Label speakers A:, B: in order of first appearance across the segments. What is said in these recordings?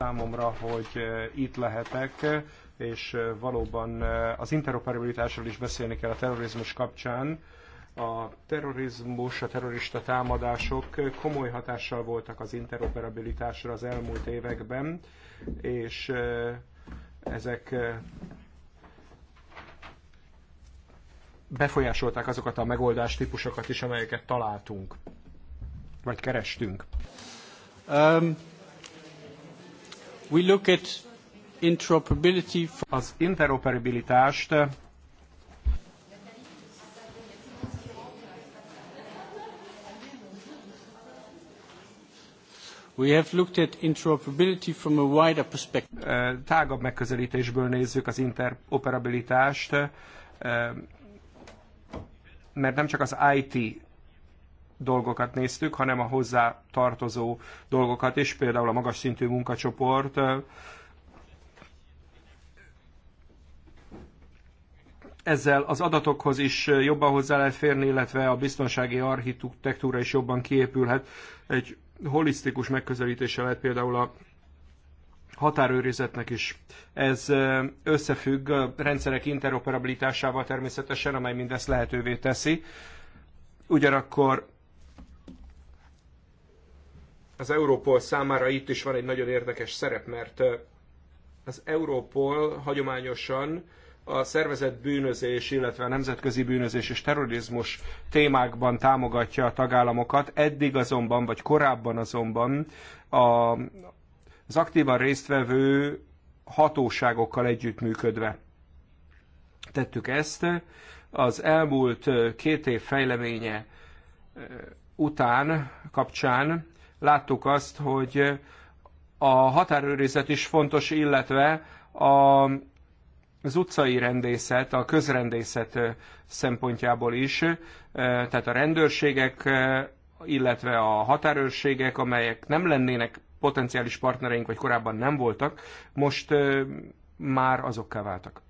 A: számomra, hogy eh, itt lehetek, eh, és eh, valóban az interoperabilitásról is beszélni kell a terrorizmus kapcsán. A terrorizmus, a terrorista támadások komoly hatással voltak az interoperabilitásra az elmúlt években, és ezek befolyásolták azokat a megoldás típusokat is, amelyeket találtunk, vagy kerestünk. Um. We look at interoperability. Az interoperabilitást eh, We have looked at interoperability from a wider perspective. Tágabb megközelítésből nézzük az interoperabilitást, eh, mert nem csak az IT dolgokat néztük, hanem a hozzá tartozó dolgokat is, például a magas szintű munkacsoport. Ezzel az adatokhoz is jobban hozzá lehet férni, illetve a biztonsági architektúra is jobban kiépülhet. Egy holisztikus megközelítése lehet például a határőrizetnek is. Ez összefügg a rendszerek interoperabilitásával természetesen, amely mindezt lehetővé teszi. Ugyanakkor az Európol számára itt is van egy nagyon érdekes szerep, mert az Európol hagyományosan a szervezett bűnözés, illetve a nemzetközi bűnözés és terrorizmus témákban támogatja a tagállamokat. Eddig azonban, vagy korábban azonban a, az aktívan résztvevő hatóságokkal együttműködve tettük ezt. Az elmúlt két év fejleménye után kapcsán láttuk azt, hogy a határőrizet is fontos, illetve a, az utcai rendészet, a közrendészet szempontjából is, tehát a rendőrségek, illetve a határőrségek, amelyek nem lennének potenciális partnereink, vagy korábban nem voltak, most már azokká váltak.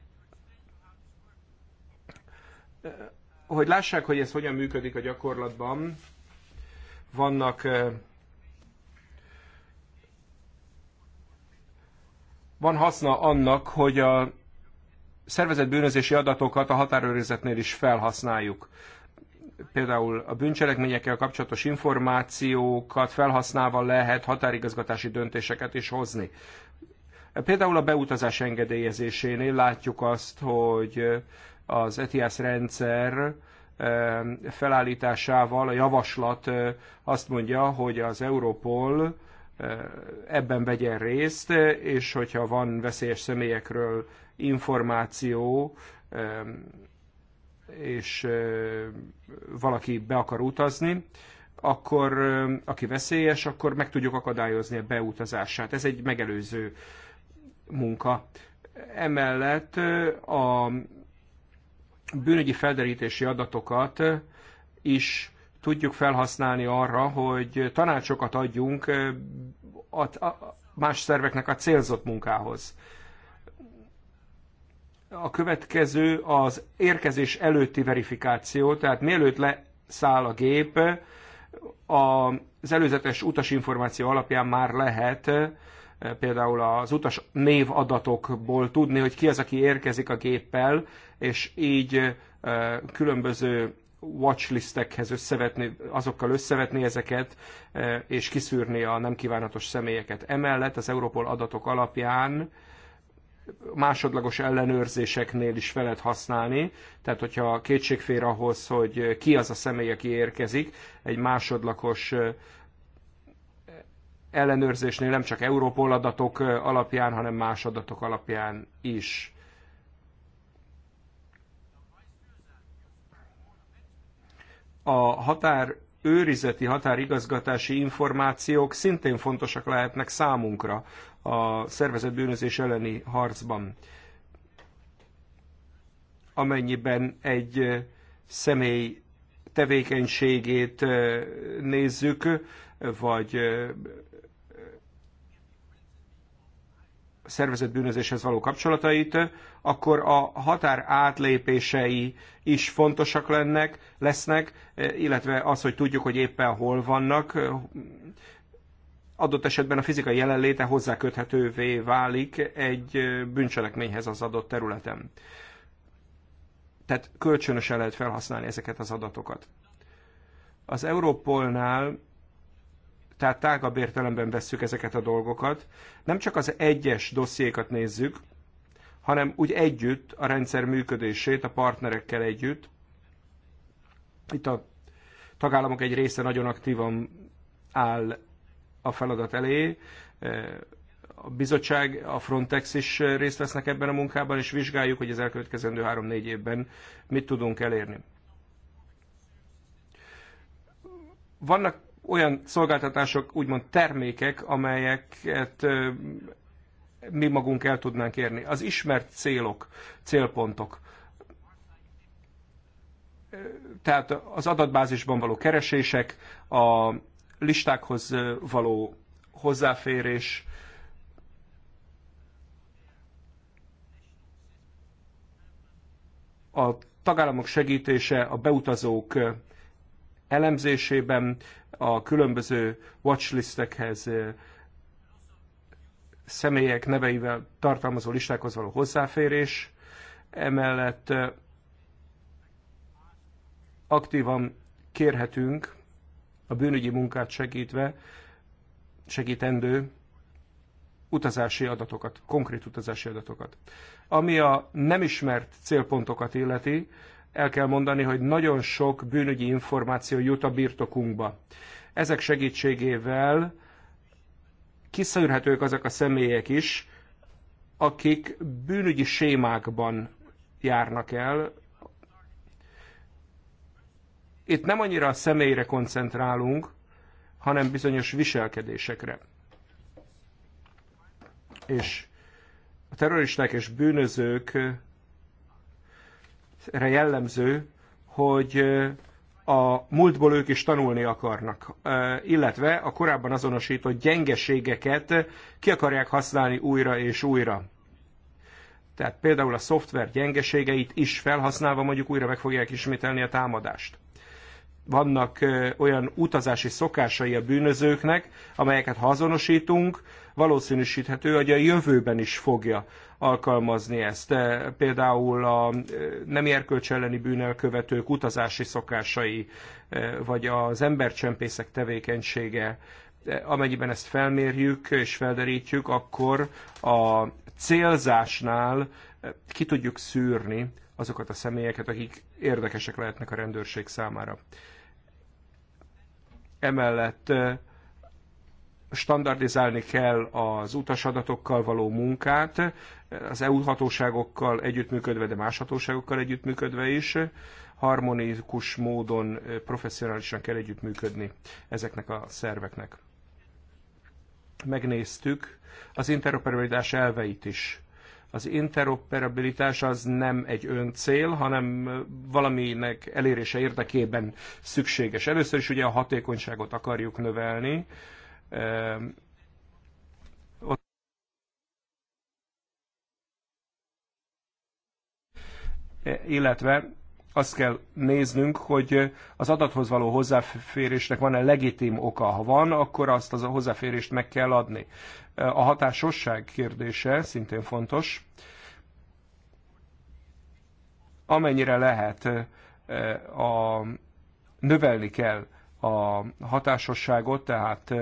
A: Hogy lássák, hogy ez hogyan működik a gyakorlatban, vannak van haszna annak, hogy a szervezett bűnözési adatokat a határőrizetnél is felhasználjuk. Például a bűncselekményekkel kapcsolatos információkat felhasználva lehet határigazgatási döntéseket is hozni. Például a beutazás engedélyezésénél látjuk azt, hogy az ETIAS rendszer eh, felállításával a javaslat eh, azt mondja, hogy az Europol ebben vegyen részt, és hogyha van veszélyes személyekről információ, és valaki be akar utazni, akkor aki veszélyes, akkor meg tudjuk akadályozni a beutazását. Ez egy megelőző munka. Emellett a bűnügyi felderítési adatokat is tudjuk felhasználni arra, hogy tanácsokat adjunk a más szerveknek a célzott munkához. A következő az érkezés előtti verifikáció, tehát mielőtt leszáll a gép, az előzetes utasinformáció alapján már lehet például az utas adatokból tudni, hogy ki az, aki érkezik a géppel, és így különböző watchlistekhez összevetni, azokkal összevetni ezeket, e, és kiszűrni a nem kívánatos személyeket. Emellett az Europol adatok alapján másodlagos ellenőrzéseknél is fel lehet használni, tehát hogyha kétség fér ahhoz, hogy ki az a személy, aki érkezik, egy másodlagos e, ellenőrzésnél nem csak Európol adatok e, alapján, hanem más adatok alapján is. a határ őrizeti határigazgatási információk szintén fontosak lehetnek számunkra a szervezett bűnözés elleni harcban. Amennyiben egy személy tevékenységét nézzük, vagy szervezett bűnözéshez való kapcsolatait, akkor a határ átlépései is fontosak lennek, lesznek, e, illetve az, hogy tudjuk, hogy éppen hol vannak, e, adott esetben a fizikai jelenléte hozzáköthetővé válik egy e, bűncselekményhez az adott területen. Tehát kölcsönösen lehet felhasználni ezeket az adatokat. Az Európolnál tehát tágabb értelemben vesszük ezeket a dolgokat. Nem csak az egyes dossziékat nézzük, hanem úgy együtt a rendszer működését, a partnerekkel együtt. Itt a tagállamok egy része nagyon aktívan áll a feladat elé, e, a bizottság, a Frontex is részt vesznek ebben a munkában, és vizsgáljuk, hogy az elkövetkezendő három-négy évben mit tudunk elérni. Vannak olyan szolgáltatások, úgymond termékek, amelyeket mi magunk el tudnánk érni. Az ismert célok, célpontok, tehát az adatbázisban való keresések, a listákhoz való hozzáférés, a tagállamok segítése a beutazók elemzésében, a különböző watchlistekhez személyek neveivel tartalmazó listákhoz való hozzáférés, emellett aktívan kérhetünk a bűnügyi munkát segítve, segítendő utazási adatokat, konkrét utazási adatokat. Ami a nem ismert célpontokat illeti, el kell mondani, hogy nagyon sok bűnügyi információ jut a birtokunkba. Ezek segítségével kiszűrhetők azok a személyek is, akik bűnügyi sémákban járnak el. Itt nem annyira a személyre koncentrálunk, hanem bizonyos viselkedésekre. És a terroristák és bűnözők jellemző, hogy a múltból ők is tanulni akarnak, illetve a korábban azonosított gyengeségeket ki akarják használni újra és újra. Tehát például a szoftver gyengeségeit is felhasználva mondjuk újra meg fogják ismételni a támadást. Vannak olyan utazási szokásai a bűnözőknek, amelyeket ha azonosítunk, valószínűsíthető, hogy a jövőben is fogja alkalmazni ezt. E, például a e, nem erkölcs elleni bűnelkövetők utazási szokásai, e, vagy az embercsempészek tevékenysége, amennyiben ezt felmérjük és felderítjük, akkor a célzásnál ki tudjuk szűrni azokat a személyeket, akik érdekesek lehetnek a rendőrség számára. Emellett standardizálni kell az utasadatokkal való munkát, az EU hatóságokkal együttműködve, de más hatóságokkal együttműködve is, harmonikus módon professzionálisan kell együttműködni ezeknek a szerveknek. Megnéztük az interoperabilitás elveit is. Az interoperabilitás az nem egy öncél, hanem valaminek elérése érdekében szükséges. Először is ugye a hatékonyságot akarjuk növelni, E, illetve azt kell néznünk, hogy az adathoz való hozzáférésnek van-e legitim oka. Ha van, akkor azt az a hozzáférést meg kell adni. E, a hatásosság kérdése szintén fontos. Amennyire lehet, e, a, növelni kell a hatásosságot, tehát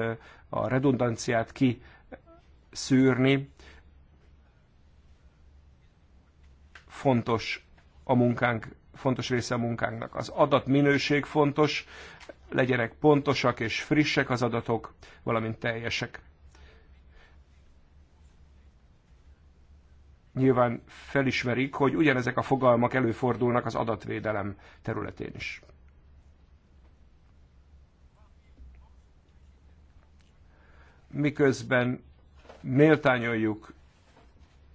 A: a redundanciát kiszűrni. Fontos a munkánk, fontos része a munkánknak. Az adatminőség fontos, legyenek pontosak és frissek az adatok, valamint teljesek. Nyilván felismerik, hogy ugyanezek a fogalmak előfordulnak az adatvédelem területén is. miközben méltányoljuk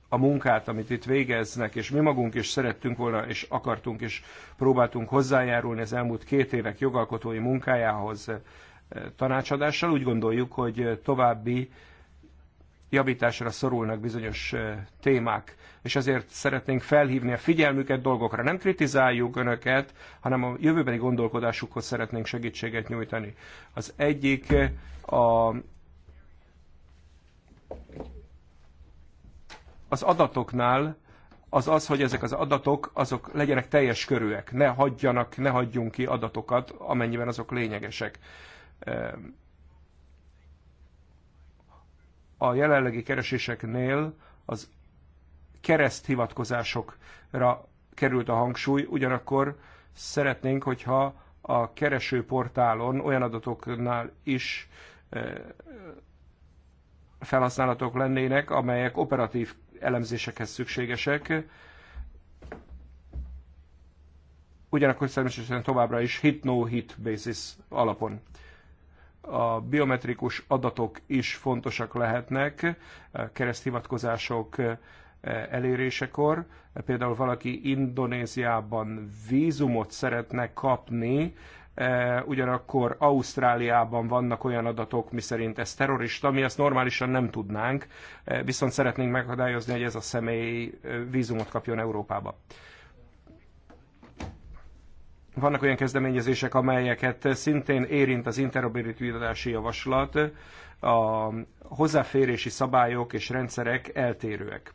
A: a munkát, amit itt végeznek, és mi magunk is szerettünk volna, és akartunk, és próbáltunk hozzájárulni az elmúlt két évek jogalkotói munkájához eh, tanácsadással. Úgy gondoljuk, hogy további javításra szorulnak bizonyos eh, témák, és ezért szeretnénk felhívni a figyelmüket dolgokra. Nem kritizáljuk önöket, hanem a jövőbeni gondolkodásukhoz szeretnénk segítséget nyújtani. Az egyik eh, a az adatoknál az az, hogy ezek az adatok azok legyenek teljes körűek, ne hagyjanak, ne hagyjunk ki adatokat, amennyiben azok lényegesek. Ehm, a jelenlegi kereséseknél az hivatkozásokra került a hangsúly, ugyanakkor szeretnénk, hogyha a keresőportálon olyan adatoknál is eh, felhasználatok lennének, amelyek operatív elemzésekhez szükségesek. Ugyanakkor természetesen továbbra is hit-no-hit basis alapon. A biometrikus adatok is fontosak lehetnek, kereszthivatkozások eh, elérésekor. Például valaki Indonéziában vízumot szeretne kapni, Eh, ugyanakkor Ausztráliában vannak olyan adatok, miszerint ez terrorista, mi ezt normálisan nem tudnánk, eh, viszont szeretnénk megadályozni, hogy ez a személy eh, vízumot kapjon Európába. Vannak olyan kezdeményezések, amelyeket szintén érint az interoperabilitási javaslat, a hozzáférési szabályok és rendszerek eltérőek.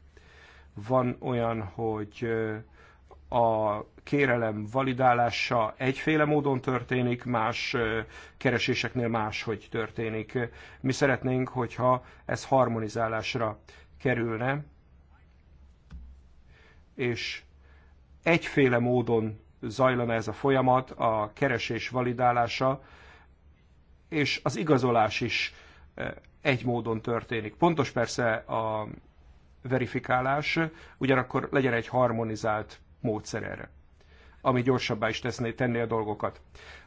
A: Van olyan, hogy a kérelem validálása egyféle módon történik, más kereséseknél máshogy történik. Mi szeretnénk, hogyha ez harmonizálásra kerülne, és egyféle módon zajlana ez a folyamat, a keresés validálása, és az igazolás is egy módon történik. Pontos persze a verifikálás, ugyanakkor legyen egy harmonizált módszer erre ami gyorsabbá is teszné, tenné a dolgokat.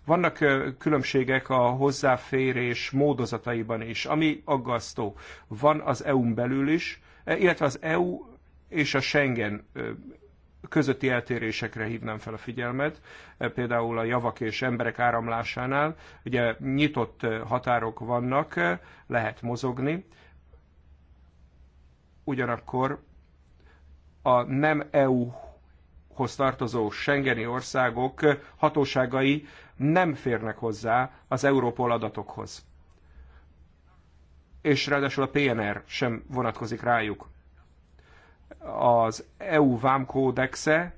A: Vannak különbségek a hozzáférés módozataiban is, ami aggasztó. Van az EU-n belül is, e, illetve az EU és a Schengen közötti eltérésekre hívnám fel a figyelmet, e, például a javak és emberek áramlásánál, ugye nyitott határok vannak, lehet mozogni, ugyanakkor a nem EU blokkhoz tartozó Schengeni országok hatóságai nem férnek hozzá az Európol adatokhoz. És ráadásul a PNR sem vonatkozik rájuk. Az EU VAM kódexe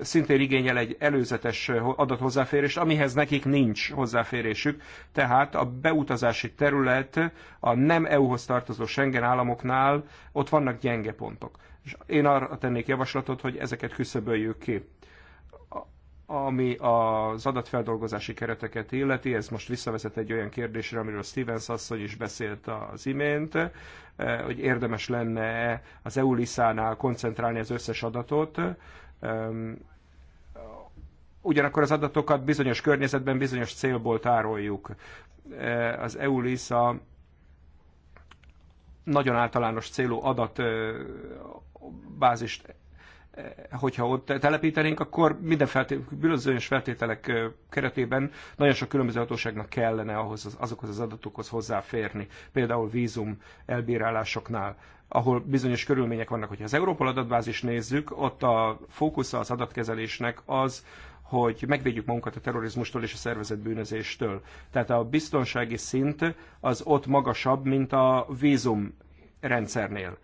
A: szintén igényel egy előzetes adathozzáférést, amihez nekik nincs hozzáférésük. Tehát a beutazási terület a nem EU-hoz tartozó Schengen államoknál ott vannak gyenge pontok. És én arra tennék javaslatot, hogy ezeket küszöböljük ki. Ami az adatfeldolgozási kereteket illeti, ez most visszavezet egy olyan kérdésre, amiről Stevens asszony is beszélt az imént, eh, hogy érdemes lenne az eu nál koncentrálni az összes adatot, ehm, ugyanakkor az adatokat bizonyos környezetben, bizonyos célból tároljuk. Eh, az eu nagyon általános célú adat eh, bázist hogyha ott telepítenénk, akkor minden bizonyos feltételek keretében nagyon sok különböző hatóságnak kellene ahhoz, azokhoz az adatokhoz hozzáférni, például vízum elbírálásoknál, ahol bizonyos körülmények vannak. Hogyha az Európol adatbázis nézzük, ott a fókusz az adatkezelésnek az, hogy megvédjük magunkat a terrorizmustól és a szervezett bűnözéstől. Tehát a biztonsági szint az ott magasabb, mint a vízum rendszernél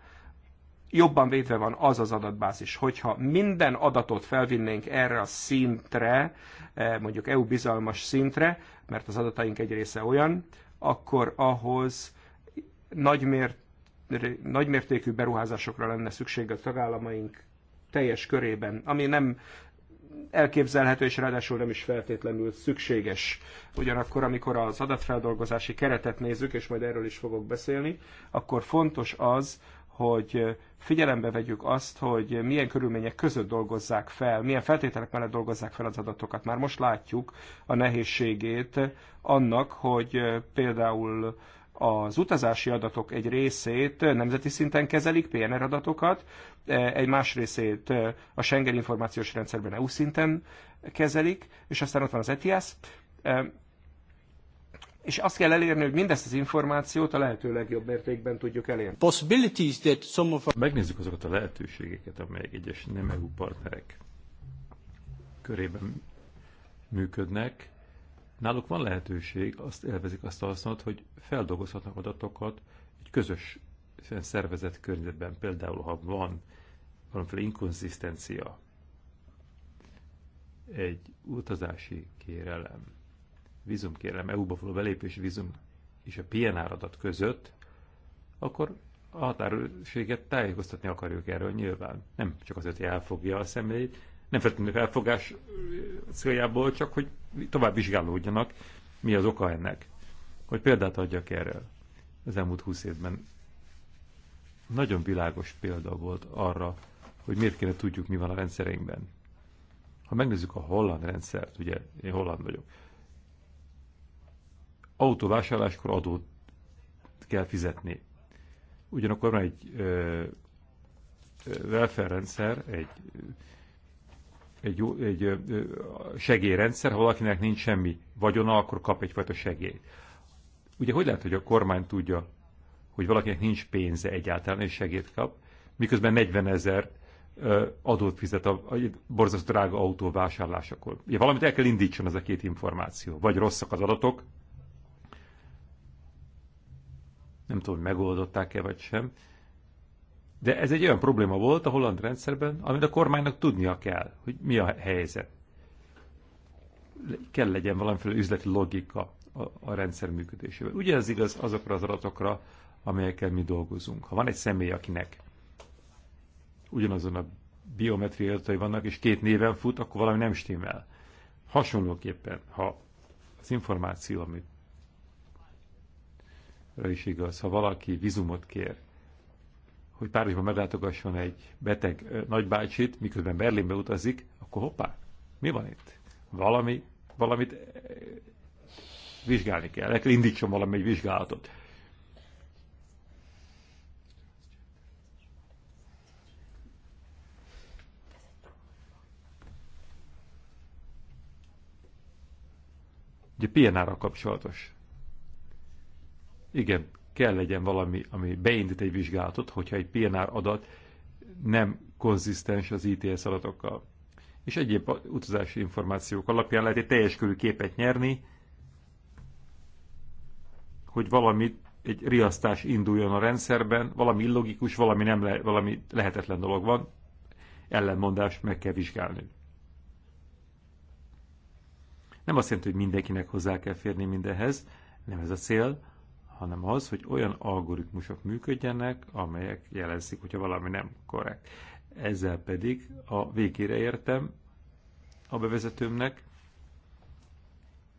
A: jobban védve van az az adatbázis. Hogyha minden adatot felvinnénk erre a szintre, eh, mondjuk EU bizalmas szintre, mert az adataink egy része olyan, akkor ahhoz nagymért, nagymértékű beruházásokra lenne szükség a tagállamaink teljes körében, ami nem elképzelhető, és ráadásul nem is feltétlenül szükséges. Ugyanakkor, amikor az adatfeldolgozási keretet nézzük, és majd erről is fogok beszélni, akkor fontos az, hogy figyelembe vegyük azt, hogy milyen körülmények között dolgozzák fel, milyen feltételek mellett dolgozzák fel az adatokat. Már most látjuk a nehézségét annak, hogy például az utazási adatok egy részét nemzeti szinten kezelik, PNR adatokat, egy más részét a Schengen információs rendszerben EU szinten kezelik, és aztán ott van az ETIAS, és azt kell elérni, hogy mindezt az információt a lehető legjobb mértékben tudjuk elérni.
B: Possibilities that some of... Megnézzük azokat a lehetőségeket, amelyek egyes nem EU partnerek körében működnek. Náluk van lehetőség, azt élvezik azt a hasznot, hogy feldolgozhatnak adatokat egy közös szervezet környezetben, például ha van valamiféle inkonzisztencia, egy utazási kérelem, vízumkérelem, EU-ba való belépési vízum és a PNR adat között, akkor a határőrséget tájékoztatni akarjuk erről nyilván. Nem csak azért, hogy elfogja a személyt, nem feltétlenül felfogás céljából, csak hogy tovább vizsgálódjanak, mi az oka ennek. Hogy példát adjak erről Az elmúlt húsz évben nagyon világos példa volt arra, hogy miért kéne tudjuk, mi van a rendszerünkben. Ha megnézzük a holland rendszert, ugye én holland vagyok, autóvásárláskor adót kell fizetni. Ugyanakkor van egy ö, welfare rendszer, egy, egy, egy ö, segélyrendszer, ha valakinek nincs semmi vagyona, akkor kap egyfajta segélyt. Ugye hogy lehet, hogy a kormány tudja, hogy valakinek nincs pénze egyáltalán, és segélyt kap, miközben 40 ezer adót fizet a, a borzasztó drága autó vásárlásakor. Ugye valamit el kell indítson ez a két információ. Vagy rosszak az adatok, nem tudom, hogy megoldották-e vagy sem, de ez egy olyan probléma volt a holland rendszerben, amit a kormánynak tudnia kell, hogy mi a helyzet. Kell legyen valamiféle üzleti logika a, a rendszer működésével. Ugye ez igaz azokra az adatokra, amelyekkel mi dolgozunk. Ha van egy személy, akinek ugyanazon a biometriai adatai vannak, és két néven fut, akkor valami nem stimmel. Hasonlóképpen, ha az információ, amit is igaz, ha valaki vizumot kér, hogy Párizsban meglátogasson egy beteg nagybácsit, miközben Berlinbe utazik, akkor hoppá, mi van itt? Valami, valamit vizsgálni kell, le kell indítson valami egy vizsgálatot. Ugye PNR-ra kapcsolatos igen, kell legyen valami, ami beindít egy vizsgálatot, hogyha egy PNR adat nem konzisztens az ITS adatokkal. És egyéb utazási információk alapján lehet egy teljes körű képet nyerni, hogy valami egy riasztás induljon a rendszerben, valami illogikus, valami, nem le, valami lehetetlen dolog van, ellenmondást meg kell vizsgálni. Nem azt jelenti, hogy mindenkinek hozzá kell férni mindenhez, nem ez a cél, hanem az, hogy olyan algoritmusok működjenek, amelyek jelezik, hogyha valami nem korrekt. Ezzel pedig a végére értem a bevezetőmnek.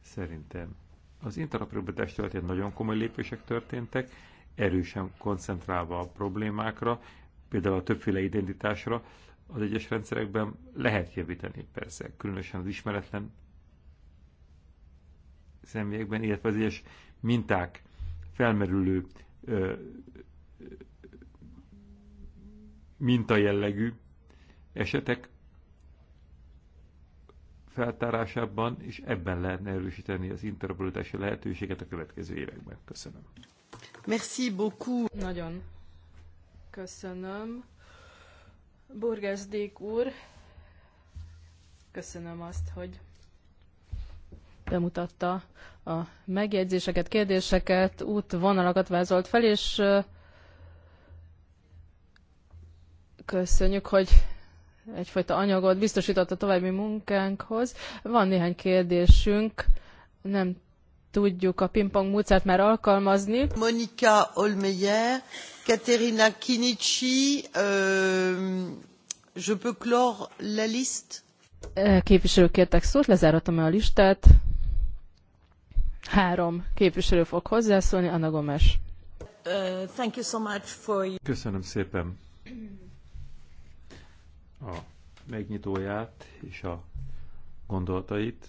B: Szerintem az interoperabilitás területén nagyon komoly lépések történtek, erősen koncentrálva a problémákra, például a többféle identitásra az egyes rendszerekben lehet javítani, persze, különösen az ismeretlen személyekben, illetve az egyes minták felmerülő mintajellegű esetek feltárásában, és ebben lehetne erősíteni az interoperabilitási lehetőséget a következő években. Köszönöm.
C: Merci beaucoup. Nagyon köszönöm. Burgersdék úr, köszönöm azt, hogy bemutatta a megjegyzéseket, kérdéseket, útvonalakat vázolt fel, és köszönjük, hogy egyfajta anyagot biztosított a további munkánkhoz. Van néhány kérdésünk, nem tudjuk a pingpong módszert már alkalmazni. Monika Olmeyer, Katerina Kinicsi, euh, je peux clore la liste? Képviselők kértek szót, lezáratom el a listát. Három képviselő fog hozzászólni, Anna Gomes. Uh, thank you so much for...
B: Köszönöm szépen a megnyitóját és a gondolatait.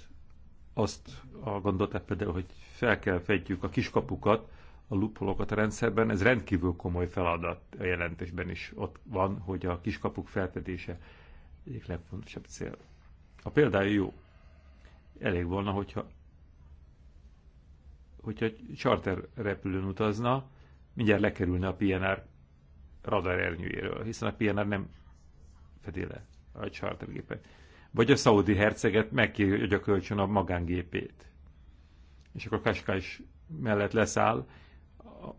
B: Azt a gondolatát például, hogy fel kell fedjük a kiskapukat, a lupolokat a rendszerben, ez rendkívül komoly feladat a jelentésben is ott van, hogy a kiskapuk felfedése egyik legfontosabb cél. A példája jó. Elég volna, hogyha hogyha charter repülőn utazna, mindjárt lekerülne a PNR radar ernyőjéről, hiszen a PNR nem fedi le a chartergépet. Vagy a szaudi herceget megkér hogy a kölcsön a magángépét. És akkor Kaskás mellett leszáll,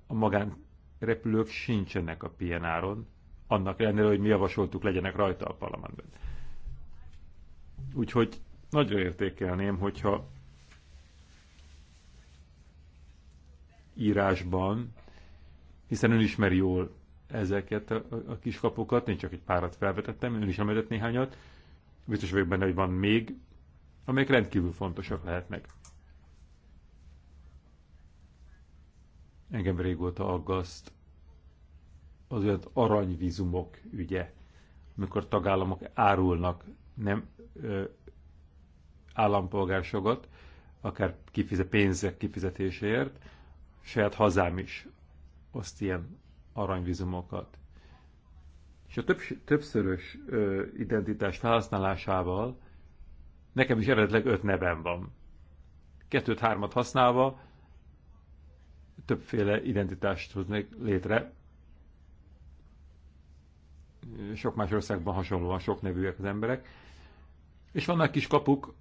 B: a magánrepülők sincsenek a PNR-on, annak ellenére, hogy mi javasoltuk legyenek rajta a parlamentben. Úgyhogy nagyon értékelném, hogyha írásban, hiszen ön ismeri jól ezeket a, a kiskapukat, én csak egy párat felvetettem, ön is említett néhányat, biztos vagyok benne, hogy van még, amelyek rendkívül fontosak lehetnek. Engem régóta aggaszt az olyan aranyvízumok ügye, amikor tagállamok árulnak nem ö, állampolgársokat, akár kifizet, pénzek kifizetéséért, saját hazám is oszt ilyen aranyvizumokat. És a több, többszörös ö, identitás felhasználásával nekem is eredetleg öt nevem van. Kettőt-hármat használva többféle identitást hoznék létre. Sok más országban hasonlóan sok nevűek az emberek. És vannak kis kapuk,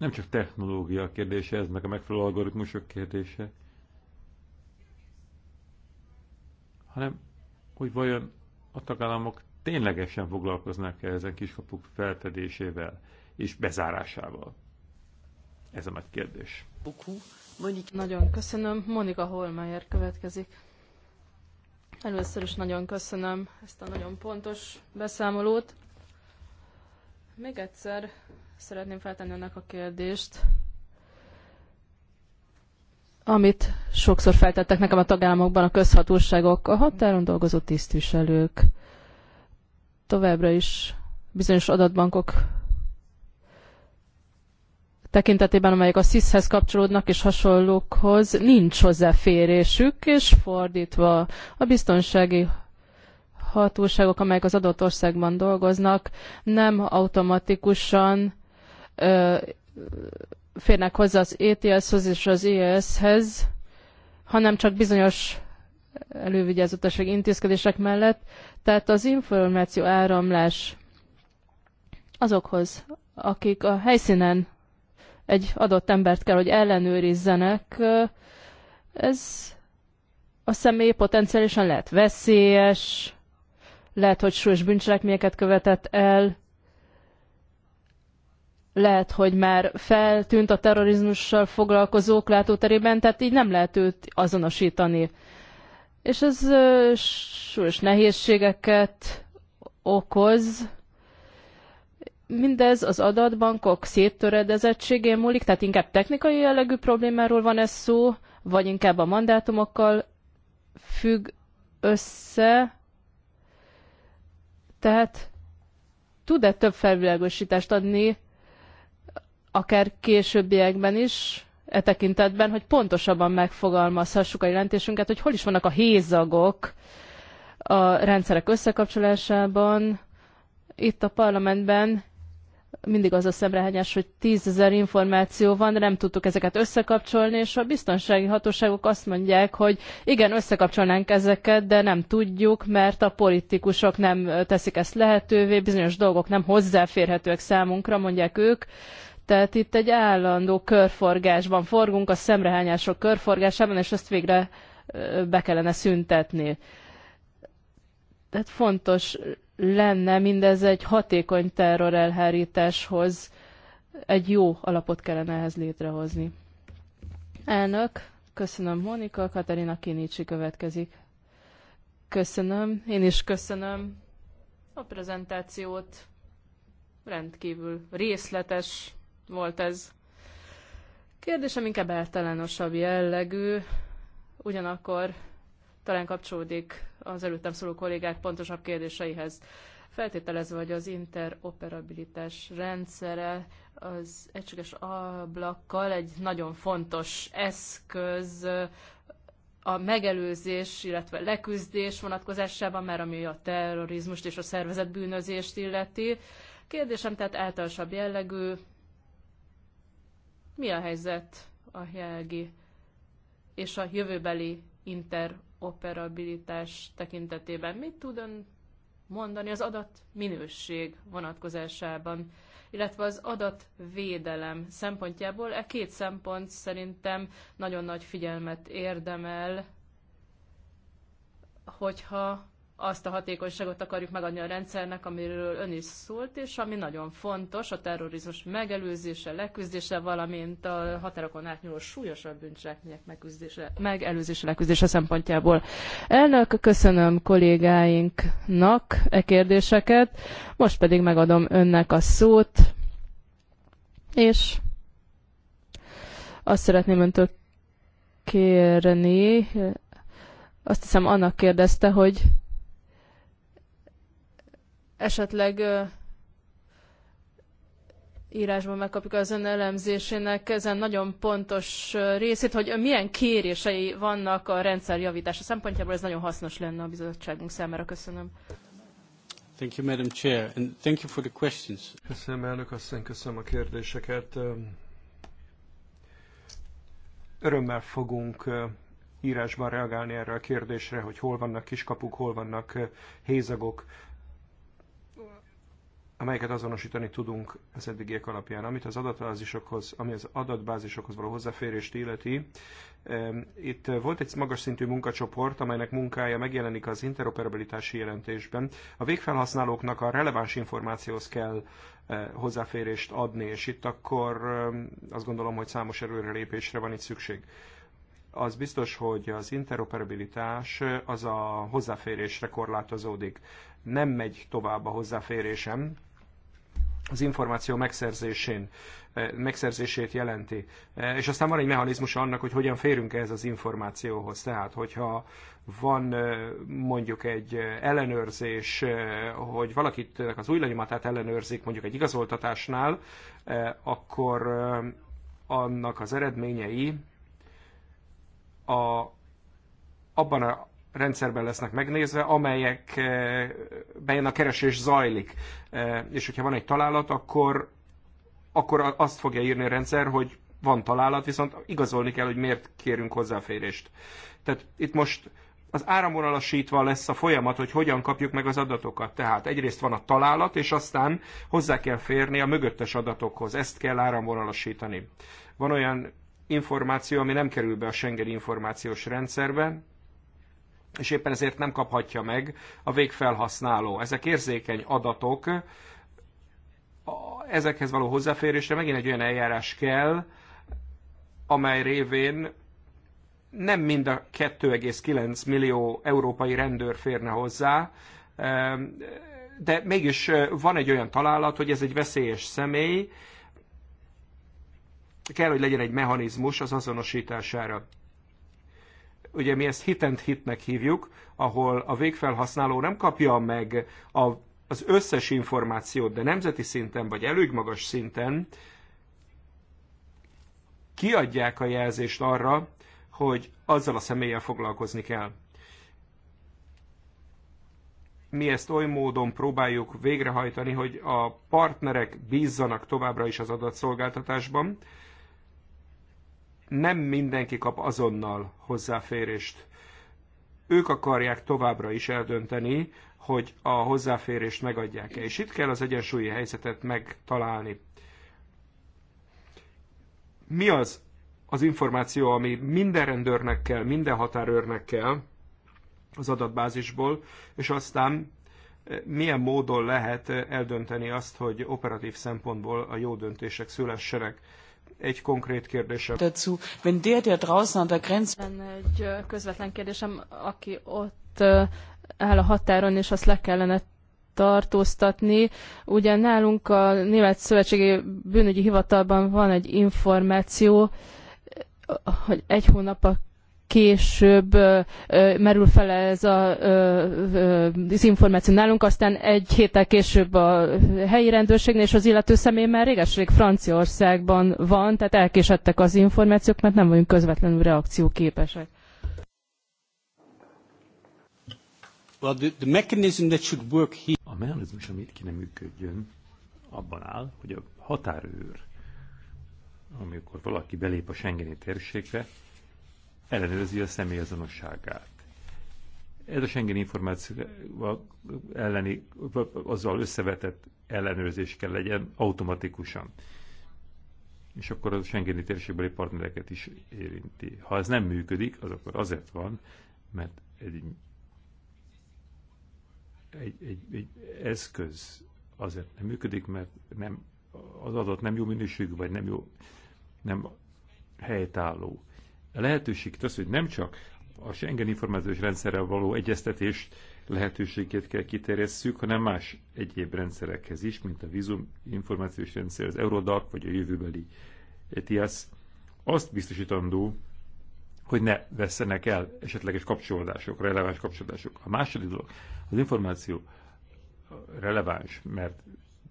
B: Nem csak technológia kérdése, ez meg a megfelelő algoritmusok kérdése, hanem hogy vajon a tagállamok ténylegesen foglalkoznak-e ezen kiskapuk feltedésével és bezárásával. Ez a nagy kérdés.
C: Nagyon köszönöm. Monika Holmeyer következik. Először is nagyon köszönöm ezt a nagyon pontos beszámolót. Még egyszer Szeretném feltenni önnek a kérdést, amit sokszor feltettek nekem a tagállamokban a közhatóságok, a határon dolgozó tisztviselők, továbbra is bizonyos adatbankok tekintetében, amelyek a SZISZ-hez kapcsolódnak és hasonlókhoz, nincs hozzáférésük, és fordítva a biztonsági hatóságok, amelyek az adott országban dolgoznak, nem automatikusan férnek hozzá az ETS-hoz és az EES-hez, hanem csak bizonyos elővigyázatosság intézkedések mellett. Tehát az információ áramlás azokhoz, akik a helyszínen egy adott embert kell, hogy ellenőrizzenek, ez a személy potenciálisan lehet veszélyes, lehet, hogy súlyos bűncselekményeket követett el, lehet, hogy már feltűnt a terrorizmussal foglalkozók látóterében, tehát így nem lehet őt azonosítani. És ez súlyos nehézségeket okoz. Mindez az adatbankok széttöredezettségén múlik, tehát inkább technikai jellegű problémáról van ez szó, vagy inkább a mandátumokkal függ össze. Tehát tud-e több felvilágosítást adni akár későbbiekben is, e tekintetben, hogy pontosabban megfogalmazhassuk a jelentésünket, hogy hol is vannak a hézagok a rendszerek összekapcsolásában. Itt a parlamentben mindig az a szemrehányás, hogy tízezer információ van, nem tudtuk ezeket összekapcsolni, és a biztonsági hatóságok azt mondják, hogy igen, összekapcsolnánk ezeket, de nem tudjuk, mert a politikusok nem teszik ezt lehetővé, bizonyos dolgok nem hozzáférhetőek számunkra, mondják ők. Tehát itt egy állandó körforgásban forgunk, a szemrehányások körforgásában, és ezt végre be kellene szüntetni. Tehát fontos lenne mindez egy hatékony terror elhárításhoz, egy jó alapot kellene ehhez létrehozni. Elnök, köszönöm Monika, Katarina Kinicsi következik. Köszönöm, én is köszönöm a prezentációt. Rendkívül részletes, volt ez. Kérdésem inkább általánosabb jellegű, ugyanakkor talán kapcsolódik az előttem szóló kollégák pontosabb kérdéseihez. Feltételezve, hogy az interoperabilitás rendszere az egységes ablakkal egy nagyon fontos eszköz a megelőzés, illetve leküzdés vonatkozásában, mert ami a terrorizmust és a szervezett bűnözést illeti. Kérdésem tehát általánosabb jellegű, mi a helyzet a jelgi és a jövőbeli interoperabilitás tekintetében? Mit tud ön mondani az adat minőség vonatkozásában, illetve az adatvédelem szempontjából. E két szempont szerintem nagyon nagy figyelmet érdemel, hogyha azt a hatékonyságot akarjuk megadni a rendszernek, amiről ön is szólt, és ami nagyon fontos, a terrorizmus megelőzése, leküzdése, valamint a határokon átnyúló súlyosabb bűncselekmények megküzdése, megelőzése, leküzdése szempontjából. Elnök, köszönöm kollégáinknak e kérdéseket, most pedig megadom önnek a szót, és azt szeretném öntől kérni, azt hiszem annak kérdezte, hogy esetleg írásban megkapjuk az ön elemzésének ezen nagyon pontos részét, hogy milyen kérései vannak a rendszer javítása szempontjából, ez nagyon hasznos lenne a bizottságunk számára. Köszönöm.
A: Thank you, Madam Chair, and thank you for the questions. Köszönöm, elnök asszony, köszönöm a kérdéseket. Örömmel fogunk írásban reagálni erre a kérdésre, hogy hol vannak kiskapuk, hol vannak hézagok amelyeket azonosítani tudunk az eddigiek alapján. Amit az adatbázisokhoz, ami az adatbázisokhoz való hozzáférést illeti, itt volt egy magas szintű munkacsoport, amelynek munkája megjelenik az interoperabilitási jelentésben. A végfelhasználóknak a releváns információhoz kell eh, hozzáférést adni, és itt akkor azt gondolom, hogy számos előrelépésre van itt szükség az biztos, hogy az interoperabilitás eh, az a hozzáférésre korlátozódik. Nem megy tovább a hozzáférésem, az információ megszerzésén, eh, megszerzését jelenti. Eh, és aztán van egy mechanizmus annak, hogy hogyan férünk ehhez az információhoz. Tehát, hogyha van eh, mondjuk egy ellenőrzés, hogy valakit az új lenyomatát ellenőrzik mondjuk egy igazoltatásnál, akkor annak az eredményei a, abban a rendszerben lesznek megnézve, amelyek eh, bejön a keresés zajlik. Eh, és hogyha van egy találat, akkor, akkor azt fogja írni a rendszer, hogy van találat, viszont igazolni kell, hogy miért kérünk hozzáférést. Tehát itt most az áramvonalasítva lesz a folyamat, hogy hogyan kapjuk meg az adatokat. Tehát egyrészt van a találat, és aztán hozzá kell férni a mögöttes adatokhoz. Ezt kell áramvonalasítani. Van olyan információ, ami nem kerül be a Schengen információs rendszerbe, és éppen ezért nem kaphatja meg a végfelhasználó. Ezek érzékeny adatok, ezekhez való hozzáférésre megint egy olyan eljárás kell, amely révén nem mind a 2,9 millió európai rendőr férne hozzá, ehm, de mégis eh, van egy olyan találat, hogy ez egy veszélyes személy, kell, hogy legyen egy mechanizmus az azonosítására ugye mi ezt hitent hitnek hívjuk, ahol a végfelhasználó nem kapja meg a, az összes információt, de nemzeti szinten vagy elég magas szinten kiadják a jelzést arra, hogy azzal a személlyel foglalkozni kell. Mi ezt oly módon próbáljuk végrehajtani, hogy a partnerek bízzanak továbbra is az adatszolgáltatásban, nem mindenki kap azonnal hozzáférést. Ők akarják továbbra is eldönteni, hogy a hozzáférést megadják-e. És itt kell az egyensúlyi helyzetet megtalálni. Mi az az információ, ami minden rendőrnek kell, minden határőrnek kell az adatbázisból, és aztán eh, milyen módon lehet eh, eldönteni azt, hogy operatív szempontból a jó döntések szülessenek egy
C: konkrét kérdésem. Dazu, wenn der, der draußen an der Grenze... Egy közvetlen kérdésem, aki ott áll a határon, és azt le kellene tartóztatni. Ugye nálunk a Német Szövetségi Bűnügyi Hivatalban van egy információ, hogy egy hónap a később merül fel ez a, az információ nálunk, aztán egy héttel később a helyi rendőrségnél, és az illető személy már réges-rég Franciaországban van, tehát elkésettek az információk, mert nem vagyunk közvetlenül reakcióképesek.
B: Well, the, the mechanism that should work here... A mechanizmus, ami itt kéne működjön, abban áll, hogy a határőr, amikor valaki belép a Schengeni térségbe, ellenőrzi a személyazonosságát. Ez a Schengen információ elleni, azzal összevetett ellenőrzés kell legyen automatikusan. És akkor a Schengeni térségbeli partnereket is érinti. Ha ez nem működik, az akkor azért van, mert egy, egy, egy, egy eszköz azért nem működik, mert nem, az adat nem jó minőségű, vagy nem jó, nem helytálló lehetőség az, hogy nem csak a Schengen információs rendszerrel való egyeztetés lehetőségét kell kiterjesszük, hanem más egyéb rendszerekhez is, mint a vízum információs rendszer, az Eurodac vagy a jövőbeli ETIAS, azt biztosítandó, hogy ne vesszenek el esetleges kapcsolódások, releváns kapcsolódások. A második dolog, az információ releváns, mert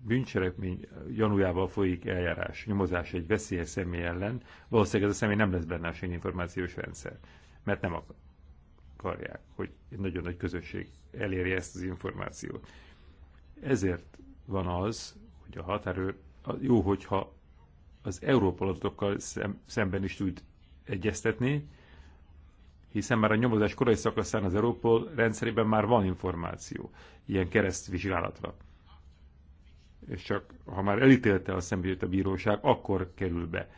B: bűncselekmény gyanújával folyik eljárás, nyomozás egy veszélyes személy ellen, valószínűleg ez a személy nem lesz benne a Schengen információs rendszer, mert nem akarják, hogy egy nagyon nagy közösség elérje ezt az információt. Ezért van az, hogy a határőr jó, hogyha az Európa adatokkal szem, szemben is tud egyeztetni, hiszen már a nyomozás korai szakaszán az Európol rendszerében már van információ ilyen keresztvizsgálatra és csak ha már elítélte a személyt a bíróság, akkor kerül be,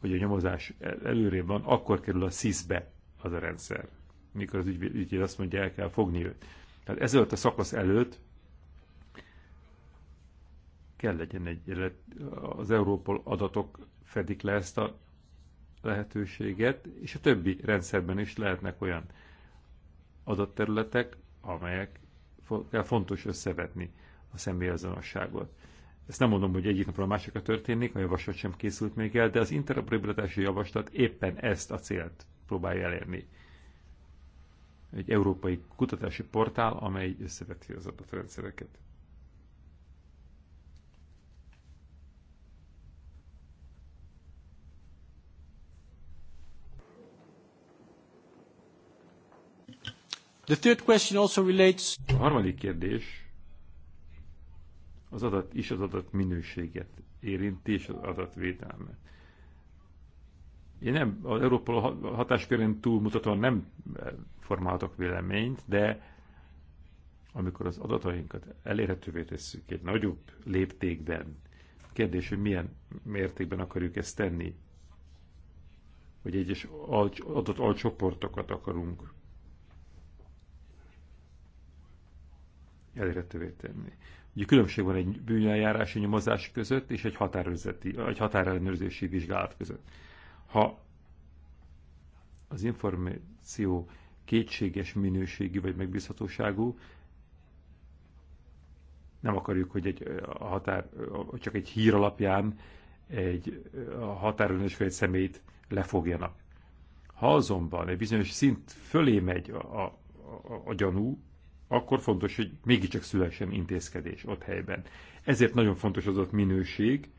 B: hogy a nyomozás előrébb van, akkor kerül a SZISZ-be az a rendszer, mikor az ügyvéd, ügyvéd azt mondja, el kell fogni őt. Tehát ezelőtt a szakasz előtt kell legyen egy, az Európol adatok fedik le ezt a lehetőséget, és a többi rendszerben is lehetnek olyan adatterületek, amelyek fontos összevetni a személyazonosságot. Ezt nem mondom, hogy egyik napról a másikra történik, a javaslat sem készült még el, de az interoperabilitási javaslat éppen ezt a célt próbálja elérni. Egy európai kutatási portál, amely összeveti az adatrendszereket. The third question also relates... A harmadik kérdés az adat is az adat minőséget érinti, és az adatvédelmet. Én nem, az Európa hatáskörén túlmutatóan nem eh, formáltak véleményt, de amikor az adatainkat elérhetővé tesszük egy nagyobb léptékben, kérdés, hogy milyen mértékben akarjuk ezt tenni, hogy egyes adott alcsoportokat akarunk elérhetővé tenni. Ugye különbség van egy bűneljárási nyomozás között és egy, határőrzeti, egy határellenőrzési vizsgálat között. Ha az információ kétséges minőségű vagy megbízhatóságú, nem akarjuk, hogy egy a határ, csak egy hír alapján egy a határon egy szemét lefogjanak. Ha azonban egy bizonyos szint fölé megy a, a, a, a gyanú, akkor fontos, hogy mégiscsak szülessen intézkedés ott helyben. Ezért nagyon fontos az ott minőség,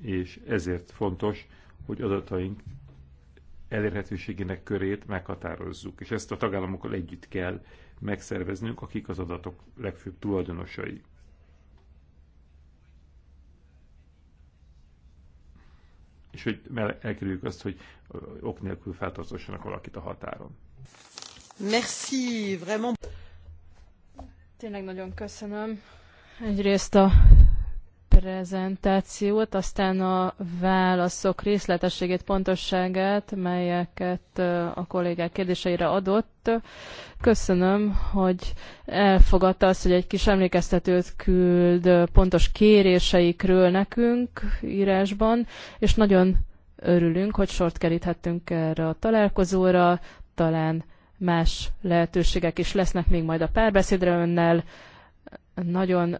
B: és ezért fontos, hogy adataink elérhetőségének körét meghatározzuk, és ezt a tagállamokkal együtt kell megszerveznünk, akik az adatok legfőbb tulajdonosai. És hogy elkerüljük azt, hogy ok nélkül feltartózsanak valakit a határon.
C: Merci, vraiment. Tényleg nagyon köszönöm egyrészt a prezentációt, aztán a válaszok részletességét, pontosságát, melyeket a kollégák kérdéseire adott. Köszönöm, hogy elfogadta azt, hogy egy kis emlékeztetőt küld pontos kéréseikről nekünk írásban, és nagyon örülünk, hogy sort keríthettünk erre a találkozóra, talán más lehetőségek is lesznek még majd a párbeszédre önnel. Nagyon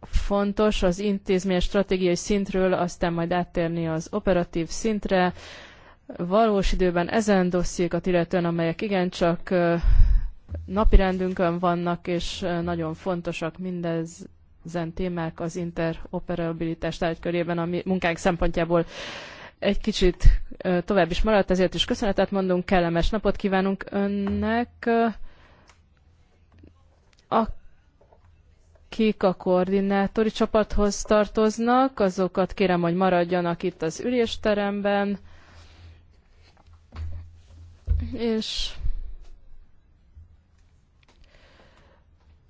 C: fontos az intézmény stratégiai szintről, aztán majd áttérni az operatív szintre. Valós időben ezen dossziékat illetően, amelyek igencsak napirendünkön vannak, és nagyon fontosak mindez ezen témák az interoperabilitás tárgykörében a munkánk szempontjából egy kicsit tovább is maradt, ezért is köszönetet mondunk, kellemes napot kívánunk önnek. Akik a koordinátori csapathoz tartoznak, azokat kérem, hogy maradjanak itt az ülésteremben. És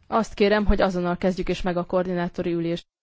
C: azt kérem, hogy azonnal kezdjük is meg a koordinátori ülést.